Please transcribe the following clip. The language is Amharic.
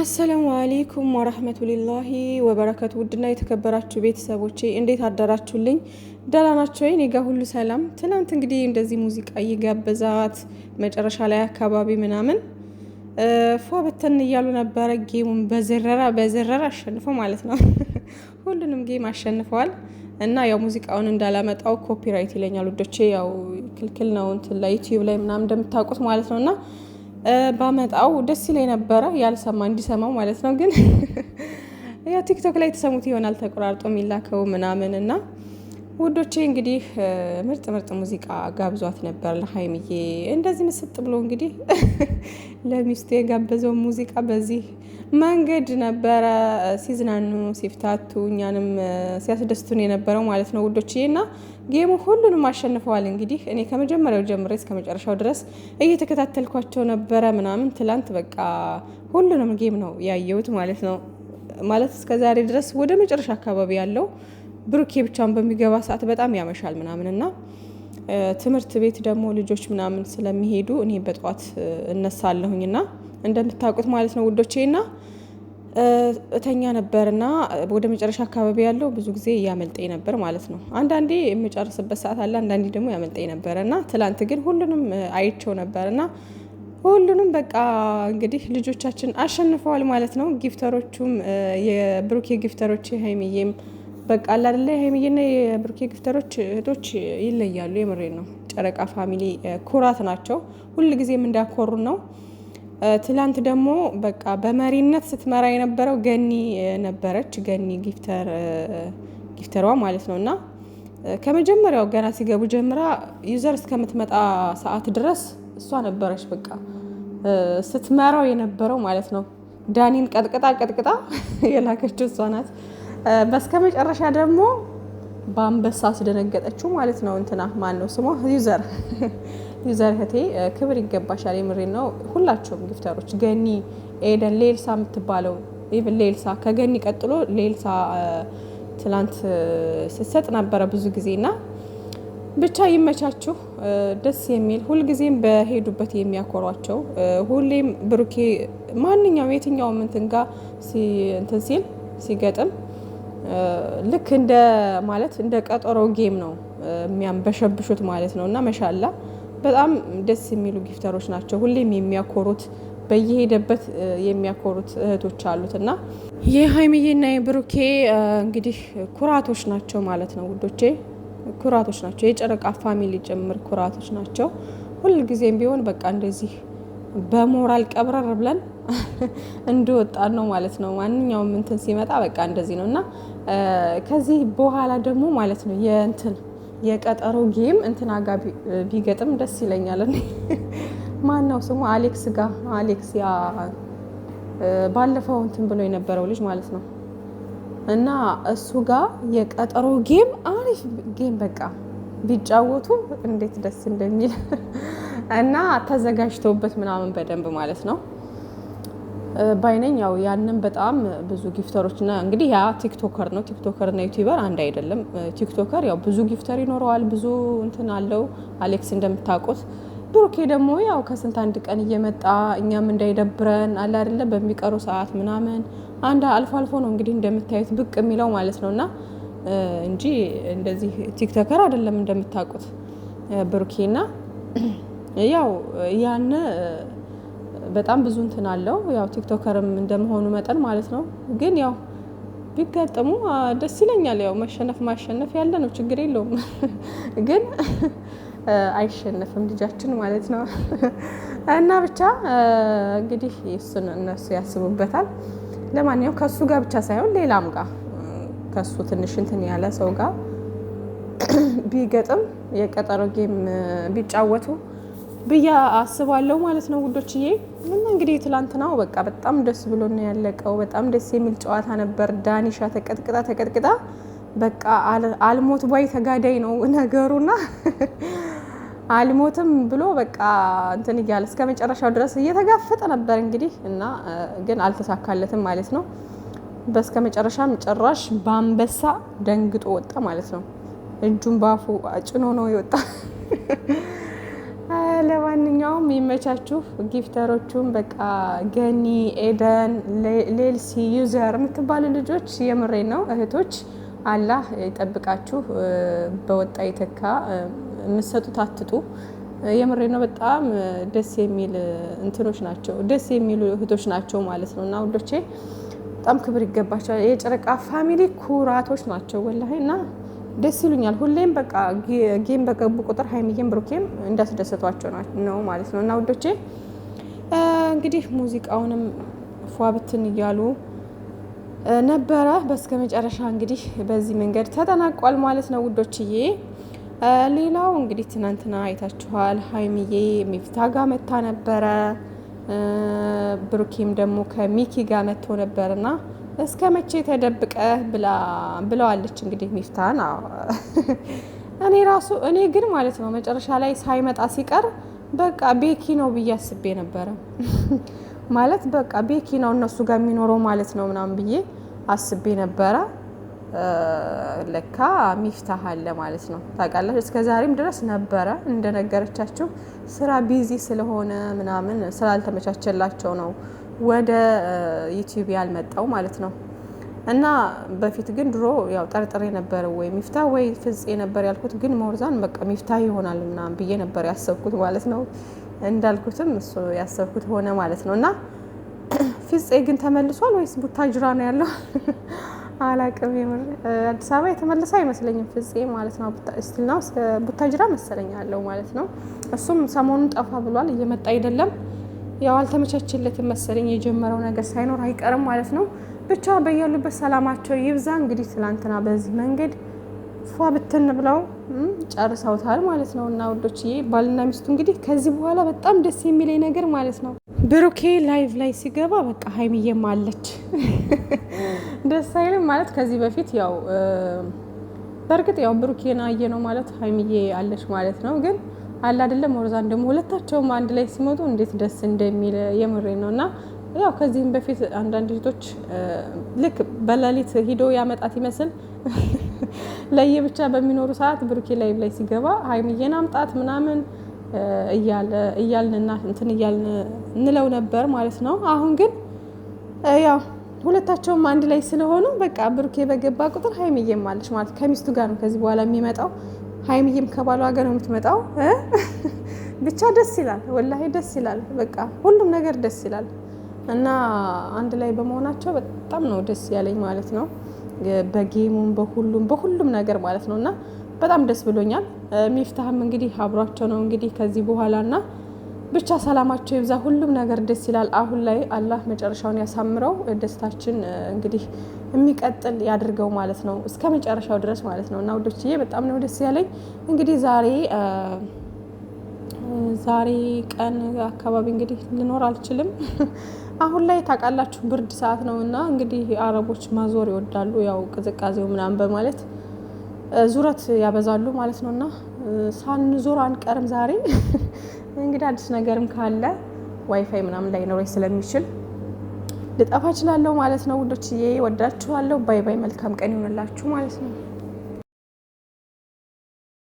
አሰላሙ አሌይኩም ወረህመቱሊላሂ ወበረከቱ። ውድና የተከበራችሁ ቤተሰቦቼ እንዴት አደራችሁልኝ? ደህና ናችሁ ወይ? እኔ ጋ ሁሉ ሰላም። ትናንት እንግዲህ እንደዚህ ሙዚቃ እየጋበዛት መጨረሻ ላይ አካባቢ ምናምን ፏ በተን እያሉ ነበረ። ጌሙን በዝረራ በዝረራ አሸንፎ ማለት ነው። ሁሉንም ጌም አሸንፈዋል። እና ያው ሙዚቃውን እንዳላመጣው ኮፒራይት ይለኛል ውዶቼ፣ ያው ክልክል ነው እንትን ላይ ዩቲዩብ ላይ ምናምን እንደምታውቁት ማለት ነው እና ባመጣው ደስ ይለኝ ነበረ፣ ያልሰማ እንዲሰማው ማለት ነው። ግን ያው ቲክቶክ ላይ የተሰሙት ይሆናል ተቆራርጦ የሚላከው ምናምን እና ውዶቼ እንግዲህ ምርጥ ምርጥ ሙዚቃ ጋብዟት ነበር ለሀይምዬ። እንደዚህ ምስጥ ብሎ እንግዲህ ለሚስቱ የጋበዘው ሙዚቃ በዚህ መንገድ ነበረ ሲዝናኑ፣ ሲፍታቱ፣ እኛንም ሲያስደስቱን የነበረው ማለት ነው ውዶቼ። እና ጌሙ ሁሉንም አሸንፈዋል። እንግዲህ እኔ ከመጀመሪያው ጀምሬ እስከ መጨረሻው ድረስ እየተከታተልኳቸው ነበረ ምናምን። ትላንት በቃ ሁሉንም ጌም ነው ያየሁት ማለት ነው ማለት እስከ ዛሬ ድረስ ወደ መጨረሻ አካባቢ ያለው ብሩኬ ብቻውን በሚገባ ሰዓት በጣም ያመሻል ምናምን እና ትምህርት ቤት ደግሞ ልጆች ምናምን ስለሚሄዱ እኔ በጠዋት እነሳለሁኝ ና እንደምታውቁት ማለት ነው ውዶቼ ና እተኛ ነበር እና ወደ መጨረሻ አካባቢ ያለው ብዙ ጊዜ እያመልጠኝ ነበር ማለት ነው። አንዳንዴ የምጨርስበት ሰዓት አለ፣ አንዳንዴ ደግሞ ያመልጠኝ ነበር እና ትላንት ግን ሁሉንም አይቸው ነበር እና ሁሉንም በቃ እንግዲህ ልጆቻችን አሸንፈዋል ማለት ነው። ጊፍተሮቹም የብሩኬ ጊፍተሮች ሀይሚዬም በቃ አለ አይደለ ሀይሚዬና የብሩኬ ግፍተሮች እህቶች ይለያሉ። የምሬ ነው። ጨረቃ ፋሚሊ ኩራት ናቸው። ጊዜም እንዳኮሩ ነው። ትላንት ደግሞ በቃ በመሪነት ስትመራ የነበረው ገኒ ነበረች። ገኒ ጊፍተሯ ማለት ነው እና ከመጀመሪያው ገና ሲገቡ ጀምራ ዩዘር እስከምትመጣ ሰዓት ድረስ እሷ ነበረች በቃ ስትመራው የነበረው ማለት ነው። ዳኒን ቀጥቅጣ ቀጥቅጣ የላከችው እሷ ናት። በስከ መጨረሻ ደግሞ በአንበሳ አስደነገጠችው ማለት ነው። እንትና ማን ነው ስሟ? ዩዘር ዩዘር እህቴ ክብር ይገባሻል። የምሬ ነው። ሁላችሁም ግፍተሮች ገኒ፣ ኤደን፣ ሌልሳ የምትባለው ኢቭን ሌልሳ ከገኒ ቀጥሎ ሌልሳ ትላንት ስትሰጥ ነበረ ብዙ ጊዜ ና ብቻ ይመቻችሁ። ደስ የሚል ሁልጊዜም በሄዱበት የሚያኮሯቸው ሁሌም ብሩኬ ማንኛውም የትኛውም እንትን ጋር እንትን ሲል ሲገጥም ልክ እንደ ማለት እንደ ቀጠሮ ጌም ነው የሚያንበሸብሹት ማለት ነው። እና መሻላ በጣም ደስ የሚሉ ጊፍተሮች ናቸው። ሁሌም የሚያኮሩት በየሄደበት የሚያኮሩት እህቶች አሉት እና የሀይሚዬና የብሩኬ እንግዲህ ኩራቶች ናቸው ማለት ነው ውዶቼ፣ ኩራቶች ናቸው። የጨረቃ ፋሚሊ ጭምር ኩራቶች ናቸው። ሁልጊዜም ቢሆን በቃ እንደዚህ በሞራል ቀብረር ብለን እንደወጣን ነው ማለት ነው። ማንኛውም እንትን ሲመጣ በቃ እንደዚህ ነው እና ከዚህ በኋላ ደግሞ ማለት ነው የእንትን የቀጠሮ ጌም እንትና ጋ ቢገጥም ደስ ይለኛል። ማን ነው ስሙ? አሌክስ ጋ አሌክስ ያ ባለፈው እንትን ብሎ የነበረው ልጅ ማለት ነው እና እሱ ጋር የቀጠሮ ጌም አሪፍ ጌም በቃ ቢጫወቱ እንዴት ደስ እንደሚል እና ተዘጋጅተውበት ምናምን በደንብ ማለት ነው ባይነኝ ያው ያንን በጣም ብዙ ጊፍተሮች እና እንግዲህ ያ ቲክቶከር ነው። ቲክቶከር እና ዩቲዩበር አንድ አይደለም። ቲክቶከር ያው ብዙ ጊፍተር ይኖረዋል፣ ብዙ እንትን አለው። አሌክስ እንደምታውቁት ብሩኬ ደግሞ ያው ከስንት አንድ ቀን እየመጣ እኛም እንዳይደብረን አለ አይደለም በሚቀሩ ሰዓት ምናምን አንድ አልፎ አልፎ ነው እንግዲህ እንደምታዩት ብቅ የሚለው ማለት ነው እና እንጂ እንደዚህ ቲክቶከር አይደለም እንደምታውቁት ብሩኬ ና ያው ያነ በጣም ብዙ እንትን አለው ያው ቲክቶከርም እንደመሆኑ መጠን ማለት ነው። ግን ያው ቢገጥሙ ደስ ይለኛል። ያው መሸነፍ ማሸነፍ ያለ ነው፣ ችግር የለውም። ግን አይሸነፍም ልጃችን ማለት ነው። እና ብቻ እንግዲህ እሱን እነሱ ያስቡበታል። ለማንኛውም ከሱ ጋር ብቻ ሳይሆን ሌላም ጋር ከሱ ትንሽ እንትን ያለ ሰው ጋር ቢገጥም የቀጠሮ ጌም ቢጫወቱ ብዬ አስባለሁ ማለት ነው ውዶችዬ። ምን እንግዲህ ትላንትናው በቃ በጣም ደስ ብሎ ነው ያለቀው። በጣም ደስ የሚል ጨዋታ ነበር። ዳኒሻ ተቀጥቅጣ ተቀጥቅጣ በቃ አልሞት ባይ ተጋዳይ ነው ነገሩና አልሞትም ብሎ በቃ እንትን እያለ እስከ መጨረሻው ድረስ እየተጋፈጠ ነበር እንግዲህ እና ግን አልተሳካለትም ማለት ነው። በስከ መጨረሻም ጭራሽ በአንበሳ ደንግጦ ወጣ ማለት ነው። እጁን ባፉ ጭኖ ነው የወጣ ለማንኛውም ይመቻችሁ። ጊፍተሮቹም በቃ ገኒ፣ ኤደን፣ ሌልሲ፣ ዩዘር የምትባሉ ልጆች የምሬ ነው እህቶች፣ አላህ ይጠብቃችሁ። በወጣ ይተካ የምትሰጡት አትጡ። የምሬ ነው። በጣም ደስ የሚል እንትኖች ናቸው፣ ደስ የሚሉ እህቶች ናቸው ማለት ነው እና ውዶቼ በጣም ክብር ይገባቸዋል። የጨረቃ ፋሚሊ ኩራቶች ናቸው ወላሂ እና ደስ ይሉኛል። ሁሌም በቃ ጌም በገቡ ቁጥር ሀይሚዬም ብሩኬም እንዳስደሰቷቸው ነው ማለት ነው። እና ውዶቼ እንግዲህ ሙዚቃውንም ፏብትን እያሉ ነበረ። በስከ መጨረሻ እንግዲህ በዚህ መንገድ ተጠናቋል ማለት ነው ውዶችዬ። ሌላው እንግዲህ ትናንትና አይታችኋል። ሀይሚዬ ሚፍታ ጋር መታ ነበረ። ብሩኬም ደግሞ ከሚኪ ጋር መጥቶ ነበርና እስከ መቼ ተደብቀ ብለዋለች። እንግዲህ ሚፍታን እኔ ራሱ እኔ ግን ማለት ነው መጨረሻ ላይ ሳይመጣ ሲቀር በቃ ቤኪ ነው ብዬ አስቤ ነበረ። ማለት በቃ ቤኪ ነው እነሱ ጋር የሚኖረው ማለት ነው ምናምን ብዬ አስቤ ነበረ። ለካ ሚፍታህ አለ ማለት ነው። ታውቃለች። እስከ ዛሬም ድረስ ነበረ እንደነገረቻችሁ ስራ ቢዚ ስለሆነ ምናምን ስላልተመቻቸላቸው ነው ወደ ዩቲዩብ ያልመጣው ማለት ነው። እና በፊት ግን ድሮ ያው ጠርጥሬ ነበረ ወይ ሚፍታ ወይ ፍጼ ነበር ያልኩት፣ ግን መርዛን በቃ ሚፍታህ ይሆናል ምናምን ብዬ ነበር ያሰብኩት ማለት ነው። እንዳልኩትም እሱ ያሰብኩት ሆነ ማለት ነው። እና ፍጼ ግን ተመልሷል ወይስ ቡታጅራ ነው ያለው? አላቅም የምር አዲስ አበባ የተመለሰ አይመስለኝም ፍጼ ማለት ነው። ስቲል ነው ቡታጅራ መሰለኝ አለው ማለት ነው። እሱም ሰሞኑን ጠፋ ብሏል፣ እየመጣ አይደለም። ያው አልተመቻችለትም መሰለኝ የጀመረው ነገር ሳይኖር አይቀርም ማለት ነው። ብቻ በያሉበት ሰላማቸው ይብዛ። እንግዲህ ትላንትና በዚህ መንገድ ፏ ብትን ብለው ጨርሰውታል ማለት ነው። እና ውዶችዬ ባልና ሚስቱ እንግዲህ ከዚህ በኋላ በጣም ደስ የሚለኝ ነገር ማለት ነው ብሩኬ ላይቭ ላይ ሲገባ በቃ ሀይሚዬም አለች ደስ አይልም ማለት ከዚህ በፊት ያው በእርግጥ ያው ብሩኬን አየ ነው ማለት ሀይሚዬ አለች ማለት ነው። ግን አለ አይደለም ወርዛን ደግሞ ሁለታቸውም አንድ ላይ ሲመጡ እንዴት ደስ እንደሚል የምሬ ነው እና ያው ከዚህም በፊት አንዳንድ ሴቶች ልክ በሌሊት ሂዶ ያመጣት ይመስል ለየብቻ በሚኖሩ ሰዓት ብሩኬ ላይብ ላይ ሲገባ ሀይሚዬን አምጣት ምናምን እያልንና እንትን እያልን እንለው ነበር ማለት ነው። አሁን ግን ያው ሁለታቸውም አንድ ላይ ስለሆኑ በቃ ብሩኬ በገባ ቁጥር ሀይሚዬም አለች ማለት ከሚስቱ ጋር ነው ከዚህ በኋላ የሚመጣው። ሀይሚዬም ከባሏ ጋር ነው የምትመጣው። ብቻ ደስ ይላል፣ ወላሂ ደስ ይላል። በቃ ሁሉም ነገር ደስ ይላል እና አንድ ላይ በመሆናቸው በጣም ነው ደስ ያለኝ ማለት ነው። በጌሙም በሁሉም በሁሉም ነገር ማለት ነው እና በጣም ደስ ብሎኛል። ሚፍታህም እንግዲህ አብሯቸው ነው እንግዲህ ከዚህ በኋላ ና ብቻ ሰላማቸው ይብዛ። ሁሉም ነገር ደስ ይላል። አሁን ላይ አላህ መጨረሻውን ያሳምረው። ደስታችን እንግዲህ የሚቀጥል ያድርገው ማለት ነው እስከ መጨረሻው ድረስ ማለት ነው እና ውዶችዬ በጣም ነው ደስ ያለኝ። እንግዲህ ዛሬ ዛሬ ቀን አካባቢ እንግዲህ ልኖር አልችልም አሁን ላይ ታውቃላችሁ ብርድ ሰዓት ነው እና እንግዲህ አረቦች ማዞር ይወዳሉ። ያው ቅዝቃዜው ምናምን በማለት ዙረት ያበዛሉ ማለት ነው እና ሳንዞር አንቀርም ዛሬ እንግዲህ አዲስ ነገርም ካለ ዋይፋይ ምናምን ላይኖረኝ ስለሚችል ልጠፋ እችላለሁ ማለት ነው። ውዶችዬ ወዳችኋለሁ። ባይ ባይ። መልካም ቀን ይሆንላችሁ ማለት ነው።